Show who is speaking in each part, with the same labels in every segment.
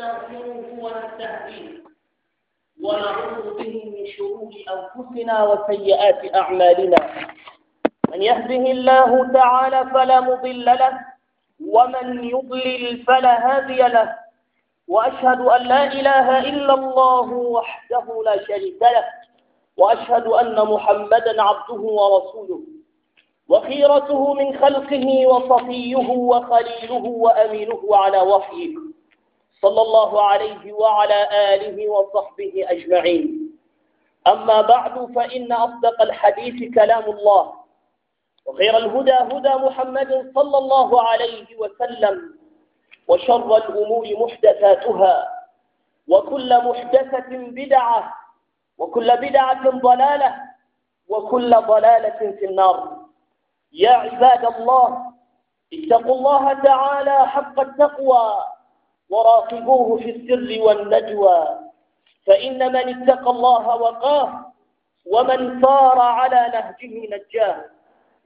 Speaker 1: نستغفره ونستهديه ونعوذ به من شرور أنفسنا وسيئات أعمالنا من يهده الله تعالى فلا مضل له ومن يضلل فلا هادي له وأشهد أن لا إله إلا الله وحده لا شريك له وأشهد أن محمدا عبده ورسوله وخيرته من خلقه وصفيه وخليله وأمينه على وحيه صلى الله عليه وعلى آله وصحبه أجمعين أما بعد فإن أصدق الحديث كلام الله وخير الهدى هدى محمد صلى الله عليه وسلم وشر الأمور محدثاتها وكل محدثة بدعة وكل بدعة ضلالة وكل ضلالة في النار يا عباد الله اتقوا الله تعالى حق التقوى وراقبوه في السر والنجوى فإن من اتقى الله وقاه ومن سار على نهجه نجاه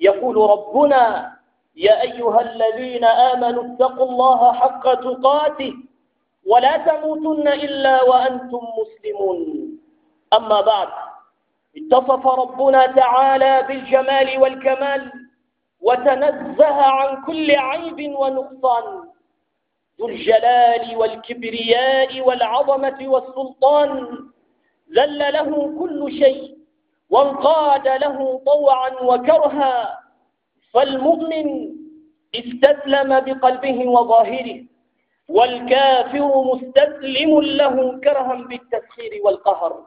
Speaker 1: يقول ربنا يا أيها الذين آمنوا اتقوا الله حق تقاته ولا تموتن إلا وأنتم مسلمون أما بعد اتصف ربنا تعالى بالجمال والكمال وتنزه عن كل عيب ونقصان ذو الجلال والكبرياء والعظمة والسلطان ذل له كل شيء وانقاد له طوعا وكرها فالمؤمن استسلم بقلبه وظاهره والكافر مستسلم له كرها بالتسخير والقهر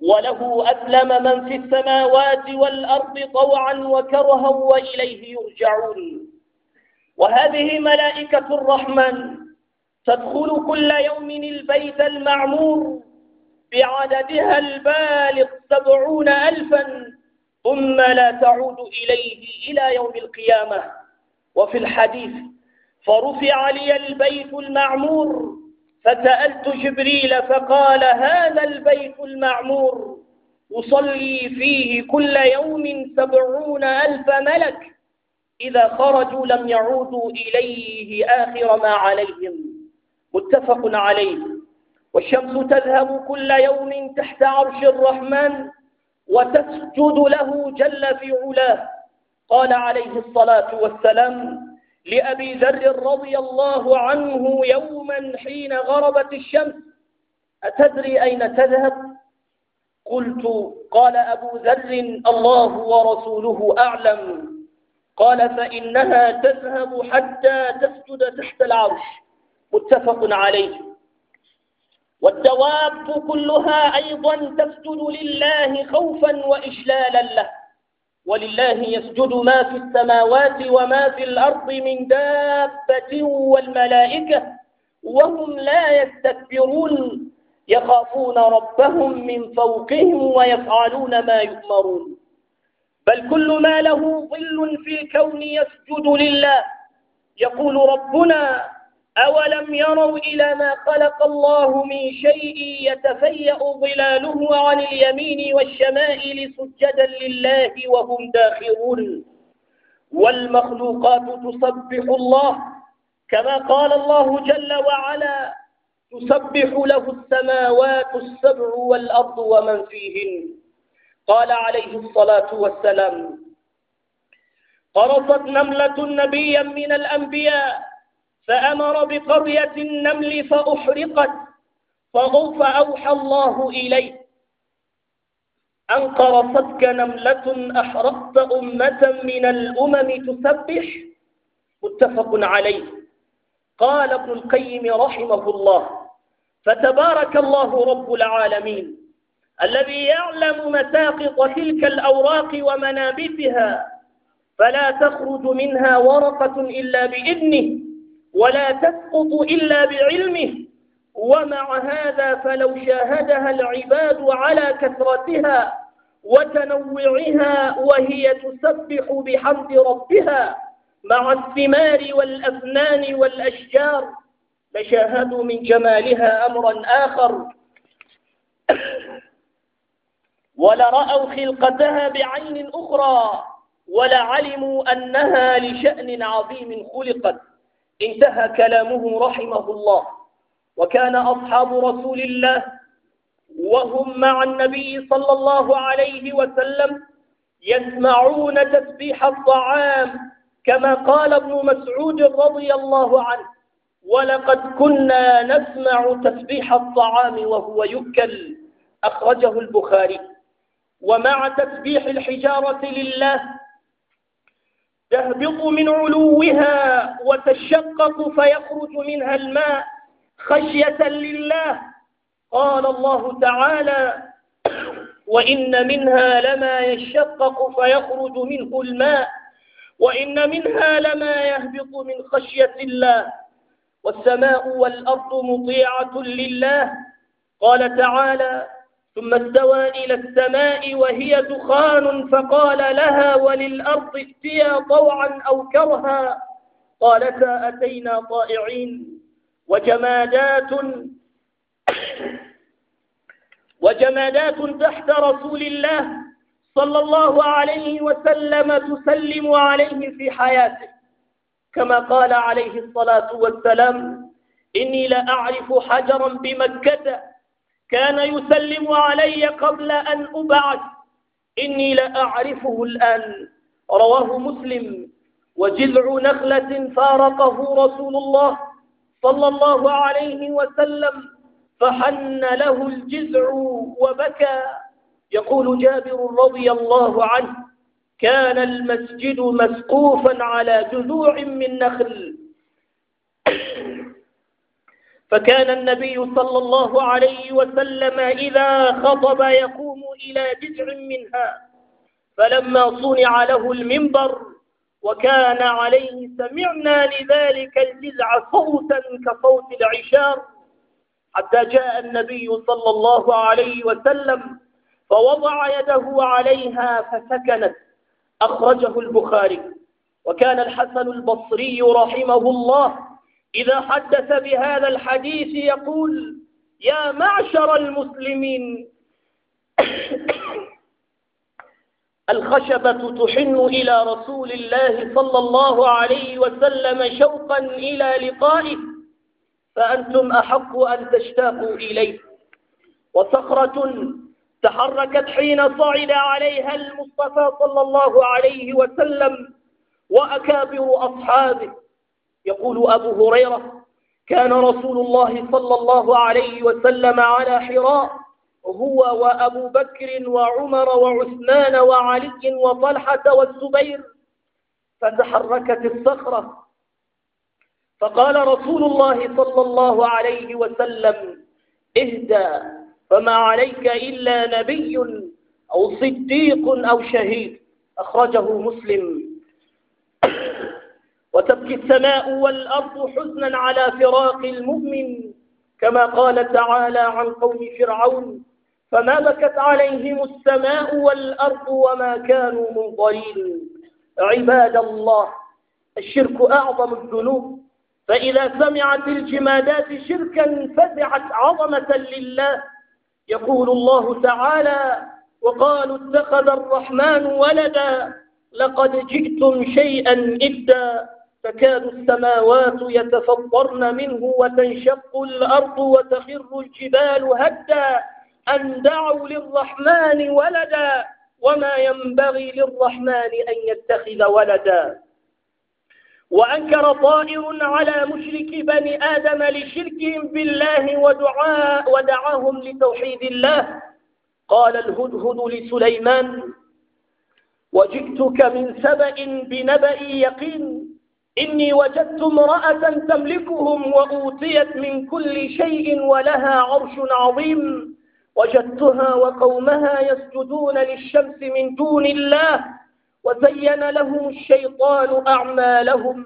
Speaker 1: وله أسلم من في السماوات والأرض طوعا وكرها وإليه يرجعون وهذه ملائكة الرحمن تدخل كل يوم البيت المعمور بعددها البالغ سبعون ألفا ثم لا تعود إليه إلى يوم القيامة وفي الحديث فرفع لي البيت المعمور فسألت جبريل فقال هذا البيت المعمور أصلي فيه كل يوم سبعون ألف ملك إذا خرجوا لم يعودوا إليه آخر ما عليهم متفق عليه والشمس تذهب كل يوم تحت عرش الرحمن وتسجد له جل في علاه قال عليه الصلاة والسلام لأبي ذر رضي الله عنه يوما حين غربت الشمس أتدري أين تذهب؟ قلت قال أبو ذر الله ورسوله أعلم قال فإنها تذهب حتى تسجد تحت العرش متفق عليه والدواب كلها أيضا تسجد لله خوفا وإجلالا له ولله يسجد ما في السماوات وما في الأرض من دابة والملائكة وهم لا يستكبرون يخافون ربهم من فوقهم ويفعلون ما يؤمرون بل كل ما له ظل في الكون يسجد لله يقول ربنا أولم يروا إلى ما خلق الله من شيء يتفيأ ظلاله عن اليمين والشمائل سجدا لله وهم داخرون والمخلوقات تسبح الله كما قال الله جل وعلا تسبح له السماوات السبع والأرض ومن فيهن قال عليه الصلاة والسلام قرصت نملة نبيا من الأنبياء فأمر بقرية النمل فأحرقت فأوحى الله إليه أن قرصتك نملة أحرقت أمة من الأمم تسبح متفق عليه قال ابن القيم رحمه الله فتبارك الله رب العالمين الذي يعلم مساقط تلك الأوراق ومنابتها فلا تخرج منها ورقة إلا بإذنه ولا تسقط إلا بعلمه ومع هذا فلو شاهدها العباد على كثرتها وتنوعها وهي تسبح بحمد ربها مع الثمار والأفنان والأشجار لشاهدوا من جمالها أمرا آخر ولرأوا خلقتها بعين أخرى ولعلموا أنها لشأن عظيم خلقت انتهى كلامه رحمه الله وكان أصحاب رسول الله وهم مع النبي صلى الله عليه وسلم يسمعون تسبيح الطعام كما قال ابن مسعود رضي الله عنه ولقد كنا نسمع تسبيح الطعام وهو يؤكل أخرجه البخاري ومع تسبيح الحجارة لله تهبط من علوها وتشقق فيخرج منها الماء خشية لله قال الله تعالى وإن منها لما يشقق فيخرج منه الماء وإن منها لما يهبط من خشية الله والسماء والأرض مطيعة لله قال تعالى ثم استوى إلى السماء وهي دخان فقال لها وللأرض اتيا طوعا أو كرها قالتا أتينا طائعين وجمادات وجمادات تحت رسول الله صلى الله عليه وسلم تسلم عليه في حياته كما قال عليه الصلاة والسلام إني لأعرف حجرا بمكة كان يسلم علي قبل أن أبعث إني لأعرفه الآن رواه مسلم وجذع نخلة فارقه رسول الله صلى الله عليه وسلم فحن له الجذع وبكى يقول جابر رضي الله عنه كان المسجد مسقوفا على جذوع من نخل فكان النبي صلى الله عليه وسلم إذا خطب يقوم إلى جذع منها فلما صنع له المنبر وكان عليه سمعنا لذلك الجذع صوتا كصوت العشار حتى جاء النبي صلى الله عليه وسلم فوضع يده عليها فسكنت أخرجه البخاري وكان الحسن البصري رحمه الله إذا حدث بهذا الحديث يقول يا معشر المسلمين الخشبة تحن إلى رسول الله صلى الله عليه وسلم شوقا إلى لقائه فأنتم أحق أن تشتاقوا إليه وصخرة تحركت حين صعد عليها المصطفى صلى الله عليه وسلم وأكابر أصحابه يقول أبو هريرة كان رسول الله صلى الله عليه وسلم على حراء هو وأبو بكر وعمر وعثمان وعلي وطلحة والزبير فتحركت الصخرة فقال رسول الله صلى الله عليه وسلم اهدى فما عليك إلا نبي أو صديق أو شهيد أخرجه مسلم وتبكي السماء والأرض حزنا على فراق المؤمن كما قال تعالى عن قوم فرعون فما بكت عليهم السماء والأرض وما كانوا منظرين عباد الله الشرك أعظم الذنوب فإذا سمعت الجمادات شركا فزعت عظمة لله يقول الله تعالى وقالوا اتخذ الرحمن ولدا لقد جئتم شيئا إدا تكاد السماوات يتفطرن منه وتنشق الأرض وتخر الجبال هدا أن دعوا للرحمن ولدا وما ينبغي للرحمن أن يتخذ ولدا وأنكر طائر على مشرك بني آدم لشركهم بالله ودعاء ودعاهم لتوحيد الله قال الهدهد لسليمان وجئتك من سبأ بنبأ يقين إني وجدت امرأة تملكهم وأوتيت من كل شيء ولها عرش عظيم وجدتها وقومها يسجدون للشمس من دون الله وزين لهم الشيطان أعمالهم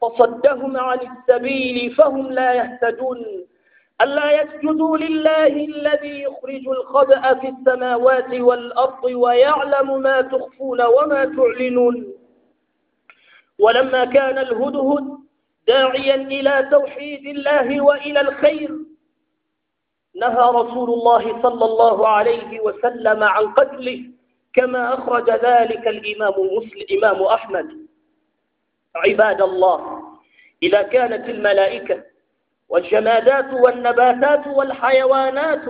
Speaker 1: فصدهم عن السبيل فهم لا يهتدون ألا يسجدوا لله الذي يخرج الخبأ في السماوات والأرض ويعلم ما تخفون وما تعلنون ولما كان الهدهد داعيا إلى توحيد الله وإلى الخير نهى رسول الله صلى الله عليه وسلم عن قتله كما أخرج ذلك الإمام, الإمام أحمد عباد الله إذا كانت الملائكة والجمادات والنباتات والحيوانات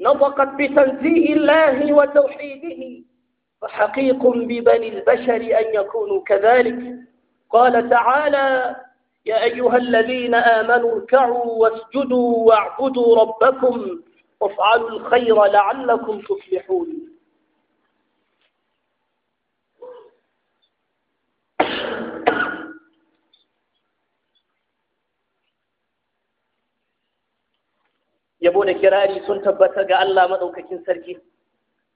Speaker 1: نطقت بتنزيه الله وتوحيده وحقيق ببني البشر أن يكونوا كذلك قال تعالى يا أيها الذين آمنوا اركعوا واسجدوا واعبدوا ربكم وافعلوا الخير لعلكم تفلحون yabo da kirari sun tabbata ga Allah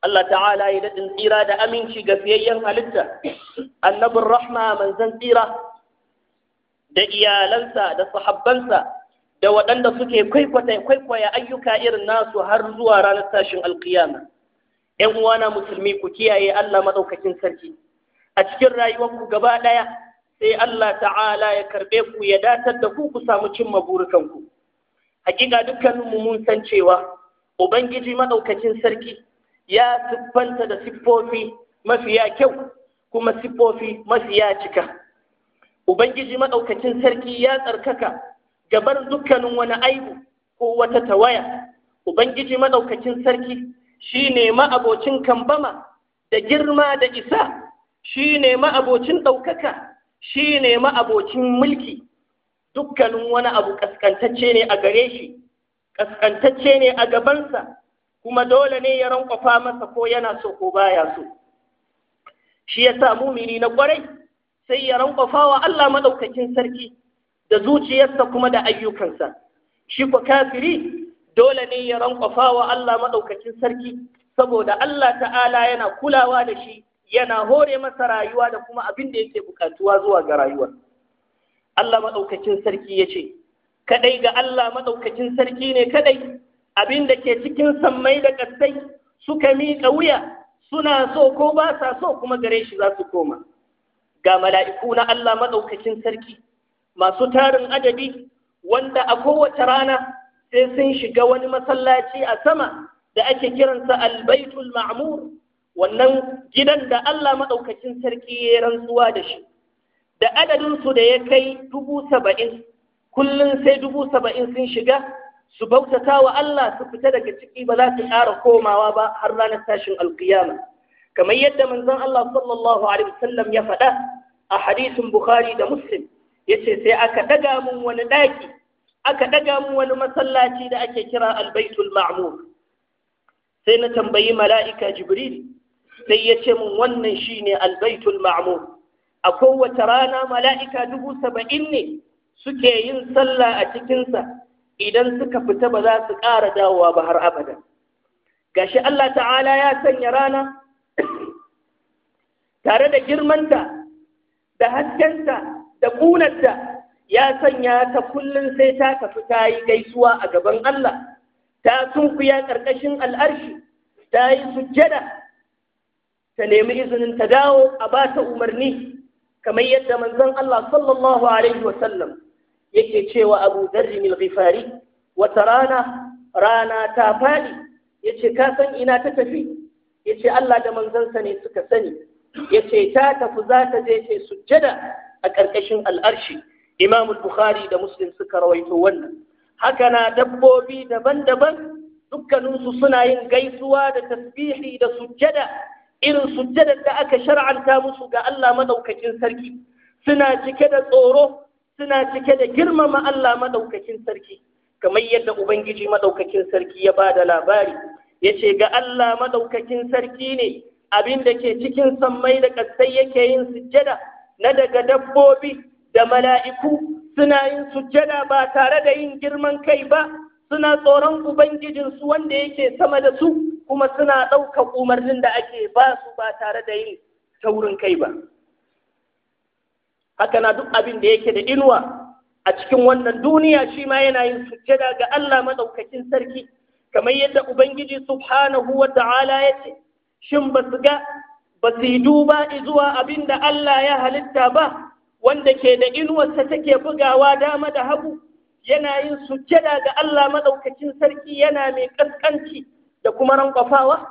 Speaker 1: Allah ta'ala ya daɗin tsira da aminci ga fiyayyen halitta, annabin rahma manzan tsira da iyalansa da sahabbansa da waɗanda suke kwaikwaya ayyuka irin nasu har zuwa ranar tashin alkiyama. ‘Yan uwana musulmi ku kiyaye Allah maɗaukakin sarki, a cikin rayuwarku gaba ɗaya sai Allah ta'ala ya karɓe ku ya datar da ku ku samu cimma burikanku. Hakika dukkaninmu mun san cewa Ubangiji maɗaukacin sarki ya siffanta da siffofi mafiya kyau kuma siffofi mafiya cika ubangiji maɗaukacin sarki ya tsarkaka gabar dukkanin wani aibu ko wata tawaya ubangiji maɗaukacin sarki shi ne ma'abocin kambama da girma da isa Shi ne ma'abocin ɗaukaka shi ne ma'abocin mulki dukkanin wani abu ƙasƙantacce ne a gare shi ƙasƙantacce ne a gabansa kuma dole ne ya rankwafa masa ko yana so ko baya so shi ya yasa mumini na kwarai sai ya rankwafa wa Allah madaukakin sarki da zuciyarsa kuma da ayyukansa shi ko kafiri dole ne ya rankwafa wa Allah madaukakin sarki saboda Allah ta'ala yana kulawa da shi yana hore masa rayuwa da kuma abin da yake bukatuwa zuwa ga rayuwa. Allah madaukakin sarki yace kadai ga Allah madaukakin sarki ne kadai abin da ke cikin sammai da ƙasai suka miƙa wuya suna so ko ba sa so kuma gare shi za su koma ga mala'iku na Allah maɗaukakin sarki masu tarin adadi wanda a kowace rana sai sun shiga wani masallaci a sama da ake kiransa albaitul ma'mur wannan gidan da Allah maɗaukakin sarki ya rantsuwa da shi da adadinsu da ya kai dubu saba'in kullum sai dubu saba'in sun shiga su bautata wa Allah su fita daga ciki ba za su ƙara komawa ba har ranar tashin alƙiyama kamar yadda manzon Allah sallallahu alaihi wasallam ya faɗa a hadisin Bukhari da Muslim yace sai aka daga mun wani daki aka daga mun wani masallaci da ake kira Al-Baitul Ma'mur sai na tambayi mala'ika Jibril sai ya ce mun wannan shine Al-Baitul Ma'mur a kowace rana mala'ika dubu saba'in ne suke yin sallah a cikinsa idan suka fita ba za su ƙara dawowa ba har abada gashi Allah ta'ala ya sanya rana tare da girmanta da haskenta da ƙunarta ya sanya ta kullum sai ta tafi ta yi gaisuwa a gaban Allah ta sunkuya ƙarƙashin al'arshi ta yi sujjada ta nemi izinin ta dawo a ba ta umarni kamar yadda manzon Allah sallallahu alaihi wa sallam yake cewa abu zarri mil wata rana rana ta faɗi yace ka ina ta tafi yace Allah da manzansa ne suka sani yace ta tafi za ta je ta sujjada a ƙarƙashin al'arshi Imamul Bukhari da Muslim suka rawaito wannan haka na dabbobi daban-daban dukkaninsu suna yin gaisuwa da tasbihi da sujjada irin sujjadar da aka shar'anta musu ga Allah madaukakin sarki suna cike da tsoro suna cike da girmama Allah maɗaukakin sarki kamar yadda ubangiji madaukakin sarki ya ba da labari ya ce ga Allah maɗaukakin sarki ne abin da ke cikin sammai da ƙasai yake yin sujjada na daga dabbobi da mala'iku suna yin sujjada ba tare da yin girman kai ba suna tsoron ubangijinsu wanda yake sama da su kuma suna ɗaukar umarnin da ake ba su ba tare da yin taurin kai ba haka na duk abin da yake da inuwa a cikin wannan duniya shi ma yana yin sujjada ga Allah madaukakin sarki kamar yadda ubangiji subhanahu wa ta'ala ya ce shin ba su ga ba su yi duba zuwa abin da Allah ya halitta ba wanda ke da inuwarsa take bugawa dama da hagu yana yin sujjada ga Allah madaukakin sarki yana mai kaskanci da kuma rankwafawa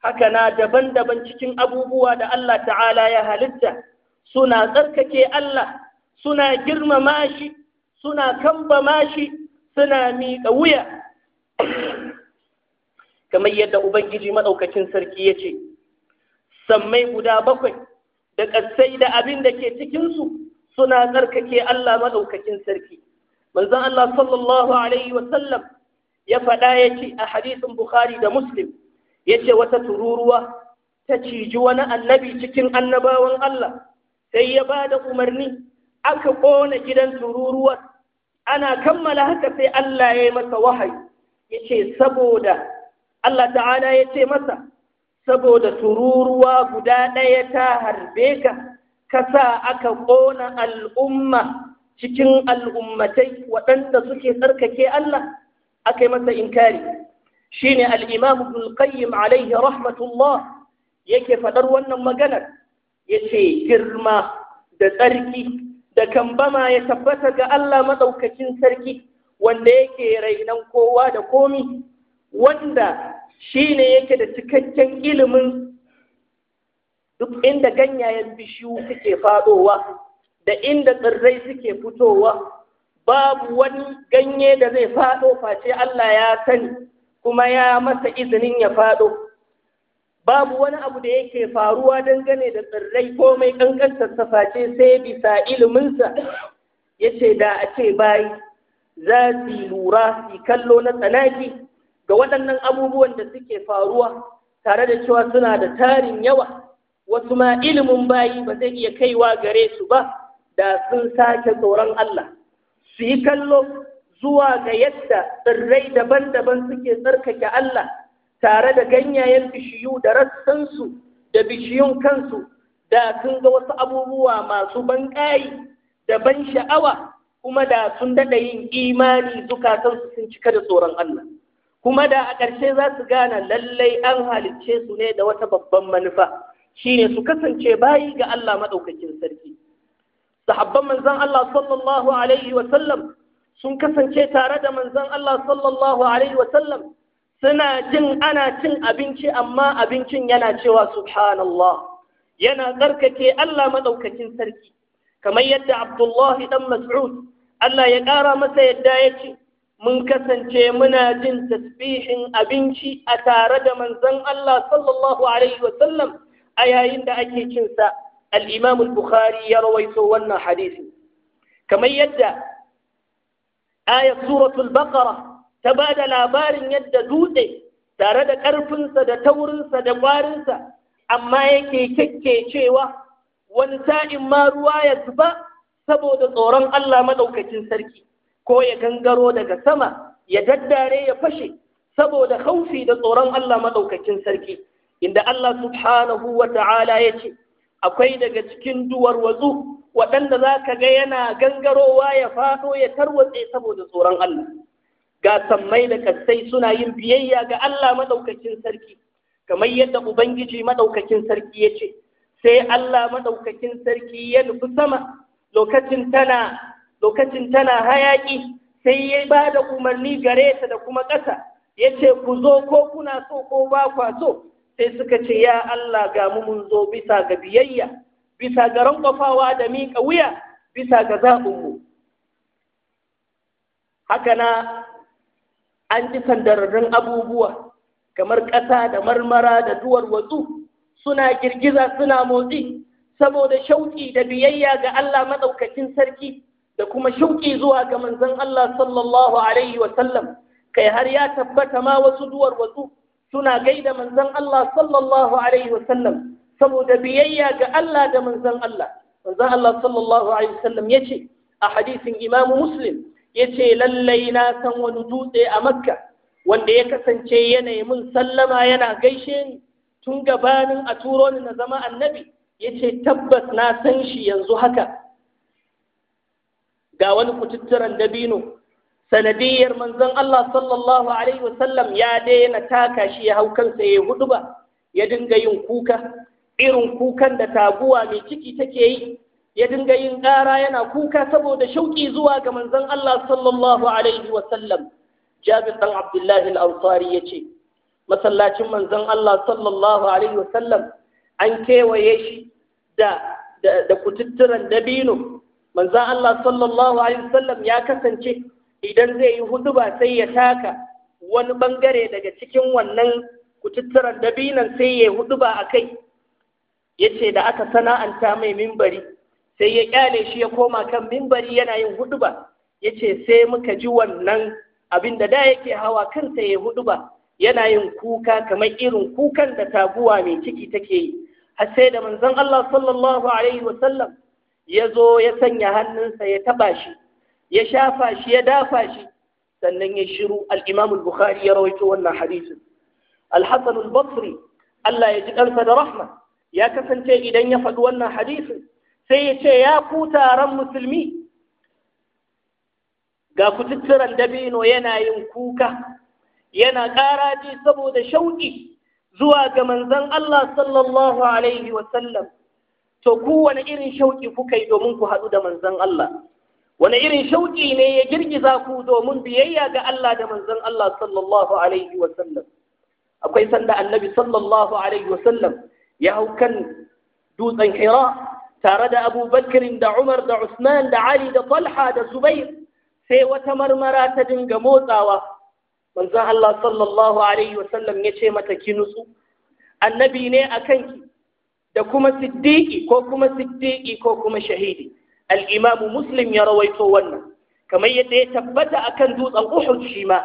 Speaker 1: haka na daban-daban cikin abubuwa da Allah ta'ala ya halitta suna tsarkake Allah suna girmama shi suna kambama shi suna miƙa wuya kamar yadda ubangiji maɗaukacin sarki ya ce sammai guda bakwai da ƙasai da abin da ke cikinsu suna tsarkake Allah maɗaukacin sarki manzon Allah sallallahu alaihi wasallam ya faɗa ya ce a hadisin bukhari da muslim ya ce wata tururuwa ta ciji wani annabi cikin annabawan Allah sai ya ba da umarni aka ƙona gidan tururuwar ana kammala haka sai Allah ya yi masa wahayi ya ce saboda Allah ta'ala ya ce masa saboda tururuwa guda ɗaya ta harbe ka kasa aka ƙona al'umma cikin al'ummatai waɗanda suke tsarkake Allah aka yi masa inkari shine al-imam qayyim alaihi rahmatullah yake faɗar wannan maganar ya ce girma da tsarki da kambama ya tabbata ga Allah maɗaukacin sarki wanda yake rainon kowa da komi wanda shi ne yake da cikakken ilimin duk inda ganyayen bishiyu suke faɗowa da inda tsirrai suke fitowa babu wani ganye da zai faɗo face Allah ya sani kuma ya masa izinin ya faɗo babu wani abu da yake faruwa dangane da tsirrai ko mai kankantar saface sai bisa iliminsa ya ce da a ce bayi za su yi lura su kallo na tsanaki ga waɗannan abubuwan da suke faruwa tare da cewa suna da tarin yawa wasu ma ilimin bayi ba zai iya kaiwa gare su ba da sun sake tsoron Allah su yi kallo zuwa ga yadda tsirrai daban-daban suke tsarkake Allah tare da ganyayen bishiyu da rassansu da bishiyun kansu da sun ga wasu abubuwa masu ban ƙayi da ban sha'awa kuma da sun daɗa yin imani zukatansu sun cika da tsoron Allah kuma da a ƙarshe za su gane lallai an halicce su ne da wata babban manufa shine su kasance bayi ga Allah maɗaukakin sarki sahabban manzon Allah sallallahu alaihi wa sun kasance tare da manzon Allah sallallahu alaihi wa sallam suna jin ana cin abinci amma abincin yana cewa subhanallah yana tsarkake Allah maɗaukacin sarki kamar yadda Abdullahi dan Mas'ud Allah ya ƙara masa yadda ya ce mun kasance muna jin tasbihin abinci a tare da manzon Allah sallallahu alaihi sallam, a yayin da ake cinsa al-Imam al-Bukhari ya rawaito wannan hadisi kamar yadda ayat suratul baqara ta ba da labarin yadda dutse tare da ƙarfinsa da taurinsa da ƙwarinsa amma yake kyakkecewa wani sa'in ma ruwa ya zuba saboda tsoron Allah maɗaukacin sarki ko ya gangaro daga sama ya daddare ya fashe saboda haufi da tsoron Allah maɗaukacin sarki inda Allah subhanahu wa ta'ala ya ce akwai daga cikin duwar wazu waɗanda za ka ga yana gangarowa ya faɗo ya tarwatse saboda tsoron Allah ga sammai da kasai suna yin biyayya ga Allah madaukakin sarki kamar yadda ubangiji madaukakin sarki ya ce sai Allah madaukakin sarki ya nufi sama lokacin tana lokacin hayaki sai ya ba da umarni gare ta da kuma ƙasa ya ce ku zo ko kuna so ko ba kwa so sai suka ce ya Allah ga mu mun zo bisa ga biyayya bisa ga rankwafawa da miƙa wuya bisa ga zaɓinmu haka na an ji sandararrun abubuwa kamar ƙasa da marmara da duwar suna girgiza suna motsi saboda shauƙi da biyayya ga Allah maɗaukakin sarki da kuma shauƙi zuwa ga manzon Allah sallallahu alaihi wa sallam kai har ya tabbata ma wasu duwar suna gaida manzon Allah sallallahu alaihi wa sallam saboda biyayya ga Allah da manzon Allah manzon Allah sallallahu alaihi wa sallam ce a hadisin Imam Muslim ya ce lallai na san wani dutse a makka wanda ya kasance yanayi mun sallama yana gaishe ni tun gabanin a turo ni na zama annabi ya ce tabbas na san shi yanzu haka ga wani kututturan dabino sanadiyar manzon Allah sallallahu alaihi wasallam ya daina taka shi ya hau kansa ya hudu ba ya dinga yin kuka irin kukan da taguwa mai ciki take yi ya dinga yin ƙara yana kuka saboda shauƙi zuwa ga manzon Allah sallallahu alaihi wa sallam Jabir dan Abdullahi al-Ansari yace masallacin manzon Allah sallallahu alaihi wa sallam an kewaye shi da da, da kututturan dabino manzon Allah sallallahu alaihi wa sallam ya kasance idan zai yi huduba sai ya taka wani bangare daga cikin wannan kututturan dabinan sai ya yi huduba akai yace da aka sana'anta mai mimbari sai ya kyale shi ya koma kan mimbari yana yin huduba yace sai muka ji wannan Abinda da yake hawa kansa ya huduba yana yin kuka kamar irin kukan da taguwa mai ciki take yi har sai da manzon Allah sallallahu alaihi wasallam ya zo ya sanya hannunsa ya taba shi ya shafa shi ya dafa shi sannan ya shiru al-Imam al-Bukhari ya rawaito wannan hadisin al-Hasan al-Basri Allah ya ji ɗansa da rahma ya kasance idan ya faɗi wannan hadisin sai ya ce ya ku taron musulmi ga kututturan dabino yana yin kuka yana ƙaraji saboda shauƙi zuwa ga manzan Allah sallallahu alaihi wasallam to kowane irin shauƙi kuka yi domin ku haɗu da manzan Allah wani irin shauƙi ne ya girgiza ku domin biyayya ga Allah da manzan Allah sallallahu alaihi wasallam akwai sanda annabi sallallahu alaihi wasallam ya hau kan dutsen hira tare da Abu da Umar da Usman da Ali da Talha da Zubair sai wata marmara ta dinga motsawa manzon Allah sallallahu alaihi wasallam ya ce mata ki nutsu annabi ne a kanki da kuma siddiqi ko kuma siddiqi ko kuma shahidi al-imam muslim ya rawaito wannan kamar yadda ya tabbata akan dutsen Uhud shi ma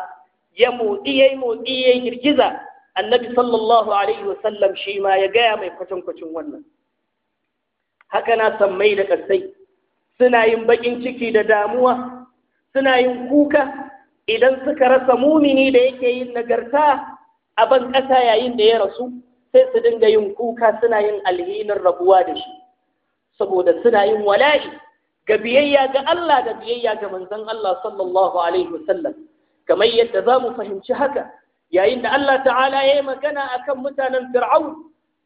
Speaker 1: ya motsi yayi motsi girgiza annabi sallallahu alaihi wasallam shi ma ya gaya mai kwatankwacin wannan haka na mai da ƙasai suna yin baƙin ciki da damuwa suna yin kuka idan suka rasa mumini da yake yin nagarta a ban ƙasa yayin da ya rasu sai su dinga yin kuka suna yin alhinin rabuwa da shi saboda suna yin wala'i ga biyayya ga Allah da biyayya ga manzon Allah sallallahu alaihi wasallam kamar yadda za mu fahimci haka yayin da Allah ta'ala ya yi magana akan mutanen fir'aun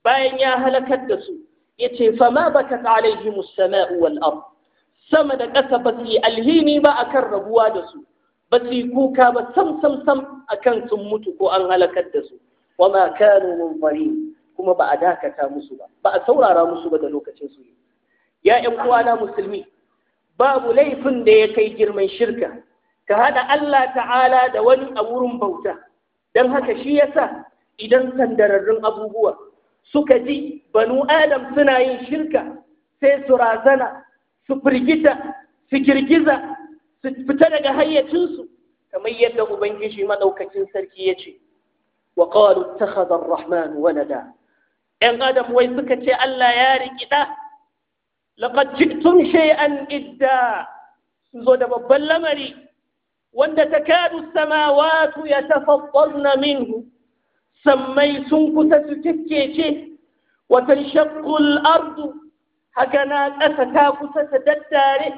Speaker 1: bayan ya halakar da su yace fa ma bakat alaihi as-sama'u wal ard sama da ƙasa ba su alhini ba akan rabuwa da su ba su kuka ba sam sam sam akan sun mutu ko an halakar da su wa ma kanu munfarin kuma ba a dakata musu ba ba a saurara musu ba da lokacin su ya ƴan uwana musulmi babu laifin da ya kai girman shirka ka haɗa Allah ta'ala da wani a wurin bauta don haka shi yasa idan sandararrun abubuwa suka ji banu adam suna yin shirka sai su razana su firgita su girgiza su fita daga hayyacinsu kamar yadda ubangiji maɗaukacin sarki ya ce wa qalu ittakhadha ar-rahman yan adam wai suka ce Allah ya riki da laqad shay'an idda zo da babban lamari wanda takadu as-samawati yatafattarna minhu sammai sun kusa su tikkece watan shakul ardu haka na ƙasa ta kusa ta daddare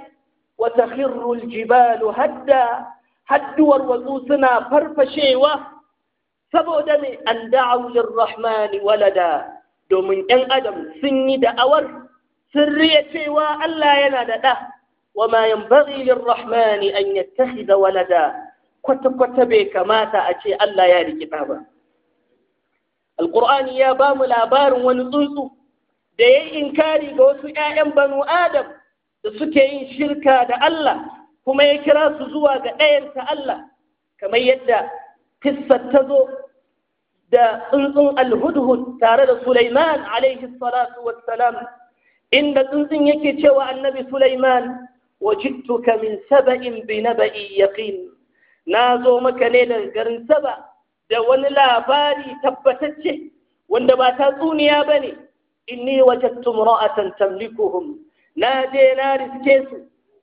Speaker 1: wata khirrul jibalu hadda hadduwar wasu suna farfashewa saboda mai an da'awulin rahmani walada domin 'yan adam sun yi da'awar sun riya cewa Allah yana da ɗa wa ma yanbaghi lirrahmani an yattakhidha walada kwata-kwata bai kamata a ce Allah ya rikita ba alqur'ani ya ba mu labarin wani tsuntsu da ya yi inkari ga wasu ‘ya'yan banu Adam da suke yin shirka da Allah kuma ya kira su zuwa ga ɗayansa Allah kamar yadda kissar ta zo da tsuntsun alhudhud tare da Sulaiman alaihi salatu wassalam inda tsuntsun yake cewa annabi Sulaiman wajidtuka min saba'in bi naba'i yaqin na zo maka ne daga garin saba da wani labari tabbatacce wanda ba ta tsuniya ba ne inni wajattu ra'atan tamlikuhum na je na riske su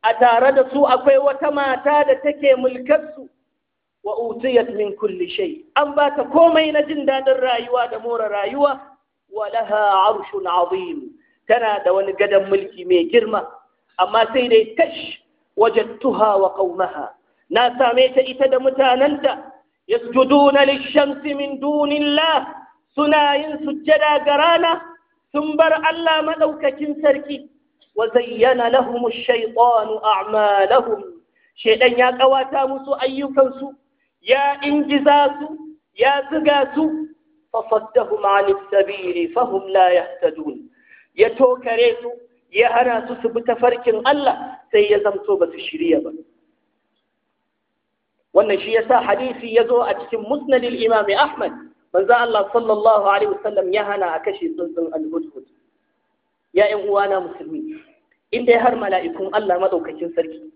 Speaker 1: a tare da su akwai wata mata da take mulkarsu wa utiyat min kulli shay an ba ta komai na jin dadin rayuwa da more rayuwa wa laha arshun azim tana da wani gadon mulki mai girma amma sai dai tash wajattuha wa qaumaha na same ta ita da mutananta yasjuduna lishamsi min dunillah suna yin sujjada ga rana sun bar Allah madaukakin sarki wa zayyana lahum ash-shaytanu a'malahum ya kawata musu ayyukansu ya ingiza su ya zuga su fasaddahum 'anil sabili fahum la yahtadun ya tokare su ya hana su su bi tafarkin Allah sai ya zamto ba su shirya ba wannan shi yasa hadisi ya zo a cikin musnadil imami ahmad manzo Allah sallallahu alaihi wasallam ya hana a kashe tsuntsun al-hudhud ya ƴan uwana musulmi in dai har mala'ikun Allah madaukakin sarki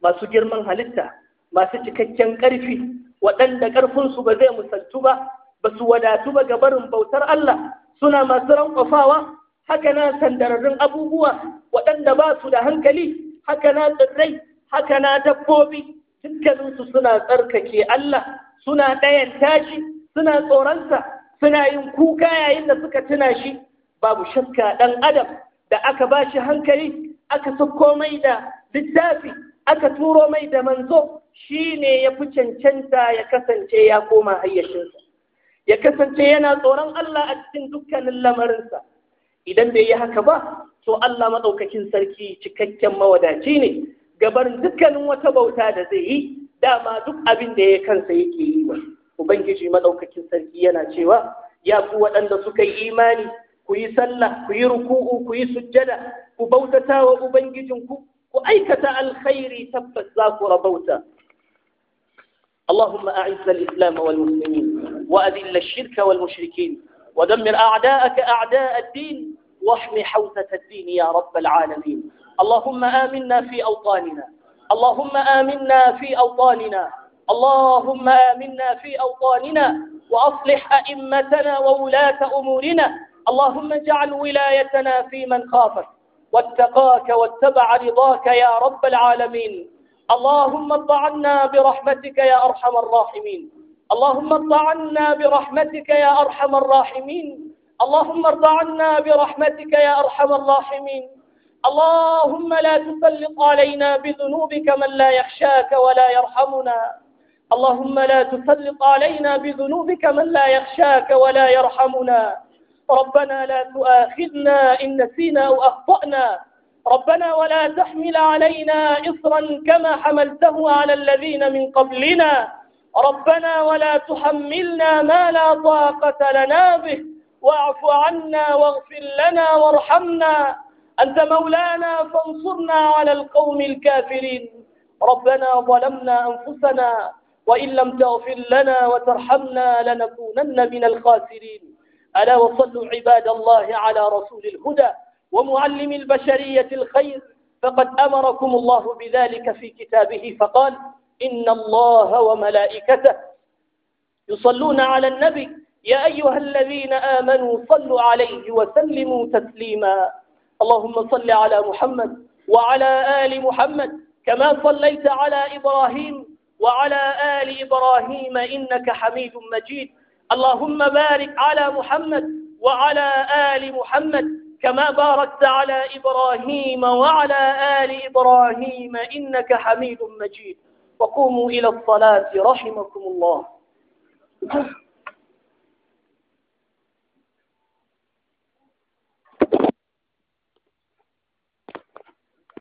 Speaker 1: masu girman halitta masu cikakken ƙarfi waɗanda ƙarfinsu ba zai musaltu ba ba su wadatu ba ga barin bautar Allah suna masu rankwafawa haka na sandararrun abubuwa waɗanda ba su da hankali haka na tsirrai haka na dabbobi dukkaninsu suna tsarkake Allah suna ɗayan tashi suna tsoronsa suna yin kuka yayin da suka tuna shi babu shakka ɗan adam da aka ba shi hankali aka sauko mai da littafi aka turo mai da manzo shi ne ya fi cancanta ya kasance ya koma hayyacinsa ya kasance yana tsoron Allah a cikin dukkanin lamarinsa idan bai yi haka ba to Allah maɗaukakin sarki cikakken mawadaci ne gabarin dukkanin wata bauta da zai yi dama duk abin da ya kansa yake yi wa ubangiji madaukakin sarki yana cewa ya ku waɗanda suka yi imani ku yi sallah ku yi ruku'u ku yi sujjada ku bautata wa ubangijinku ku aikata alkhairi tabbas za ku rabauta اللهم أعز الإسلام والمسلمين وأذل الشرك والمشركين ودمر أعداءك أعداء الدين واحمي حوزة الدين يا رب العالمين اللهم آمنا في أوطاننا اللهم آمنا في أوطاننا اللهم آمنا في أوطاننا وأصلح أئمتنا وولاة أمورنا اللهم اجعل ولايتنا في من خافك واتقاك واتبع رضاك يا رب العالمين اللهم اطعنا برحمتك يا أرحم الراحمين اللهم اطعنا برحمتك يا أرحم الراحمين اللهم ارض عنا برحمتك يا أرحم الراحمين اللهم لا تسلط علينا بذنوبك من لا يخشاك ولا يرحمنا اللهم لا تسلط علينا بذنوبك من لا يخشاك ولا يرحمنا ربنا لا تؤاخذنا إن نسينا أو أخطأنا ربنا ولا تحمل علينا إصرا كما حملته على الذين من قبلنا ربنا ولا تحملنا ما لا طاقة لنا به واعف عنا واغفر لنا وارحمنا أنت مولانا فانصرنا على القوم الكافرين ربنا ظلمنا أنفسنا وإن لم تغفر لنا وترحمنا لنكونن من الخاسرين ألا وصلوا عباد الله على رسول الهدى ومعلم البشرية الخير فقد أمركم الله بذلك في كتابه فقال إن الله وملائكته يصلون على النبي يا أيها الذين آمنوا صلوا عليه وسلموا تسليماً اللهم صل على محمد وعلى آل محمد كما صليت على إبراهيم وعلى آل إبراهيم إنك حميد مجيد اللهم بارك على محمد وعلى آل محمد كما باركت على إبراهيم وعلى آل إبراهيم إنك حميد مجيد وقوموا إلى الصلاة رحمكم الله